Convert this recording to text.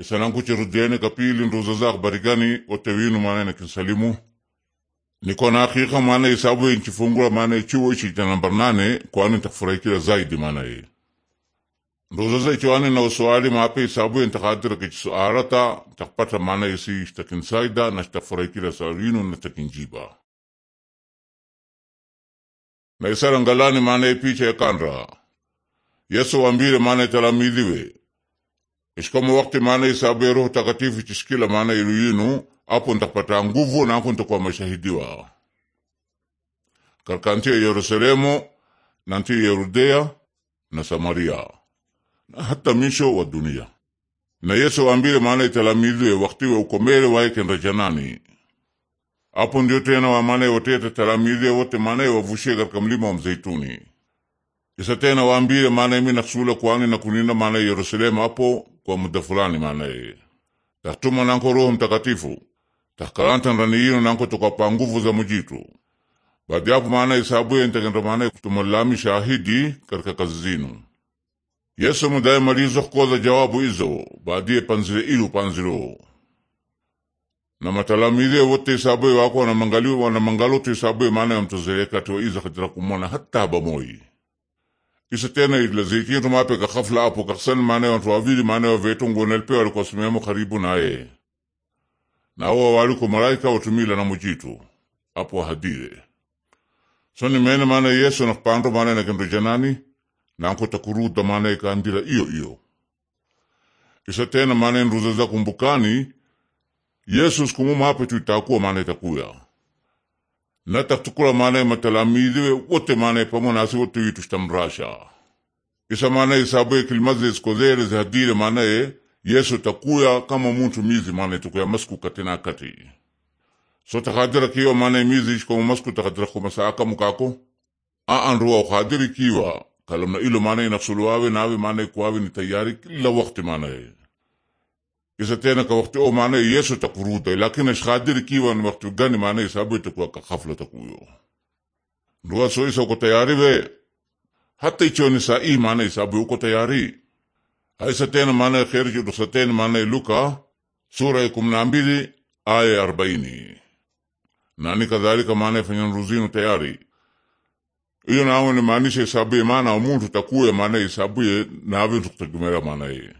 isanankuchirudiene kapili nduzaza kubarikani wote winu maana kinsalimu niko na hakika maana isabu nchifungura maana ichiwo ichi cha namba nane kwani ntakufurahikia zaidi maana ye nduzaza ichiwani na uswali mape isabu ntakadira kichisuarata ntakupata maana isi shtakinsaida na shtakufurahikia sarinu na shtakinjiba na isarangalani maana ipicha yakandra yesu wambire maana italamiliwe Isikama wakti maana isabu Roho Takatifu itisikila maana iluyinu apo ntakapata nguvu nako ntakuwa mashahidiwa karakanti ya Yerusalemu nanti Yerudea na Samaria na hata misho wa dunia na Yesu waambile maana italamidhwe wakti wa wae waekenda janani apo ndio tena wamanae wateta talamidhwe wote maanae wavushie katika mlima wa Mzeituni isa tena waambile maana imi naksula kwani na kunina maana Yerusalemu apo kwa muda fulani yeye tatuma nanko Roho Mtakatifu takalantanraniino nanko toka pa nguvu za mujitu baadhi yapo maanaye saabuye ntegenda maanaye kutumalami shahidi katika kazi zinu Yesu mudaye malizo kukoza jawabu izo baadiye panzile ilu panzilo na matalamize wote isabuye wako wanamangaliwe tu isabuye maana tiwa iza katira kumona hata habamoi Kisetena idilaziti tumape ka ghafla hapo kakasali maana ya watu wawili maana ya vetongonel pe karibu naye na wali waliko malaika watumila na mujitu hapo hadire soni mene mane Yesu nakupando maana nakendo janani nankotakuruda mane ikandila iyo iyo isetena maana nruza za kumbukani Yesu sikumuma hapo tuitakuwa mane takuya nataktukula maanaye matalamiziwe wote pamona pamonasi wote witustamrasha isa maanaye isabuye kilimazlesi kozeereze hadire maanaye yesu takuya kama muntu mizi maanaye tukuya masku kati so takadira kiwa maanaye mizi ishikomu masku takadira kumasaakamu kako aanruwa ukadiri kiwa kalamna ilo maanaye inaksuluwawe nawe maanaye kuwawe ni tayari kila wakti maanaye kisa tena ka wakati o maanaye yesu takuruta lakini shikadiri kiwa ni wakati gani maanaye sababu itakuwa ka hafla takuyo nduwa so isa uko tayari ve hata icho ni ii maanaye sababu uko tayari haisa tena maanaye kheri chudo sa tena maanaye luka sura ya kumi aya ya arobaini nani kadhalika maanaye fanya nruzinu tayari iyo nawe ni maanishe sababu ye maana wa muntu takuye maanaye sababu ye navintu kutegemera maanaye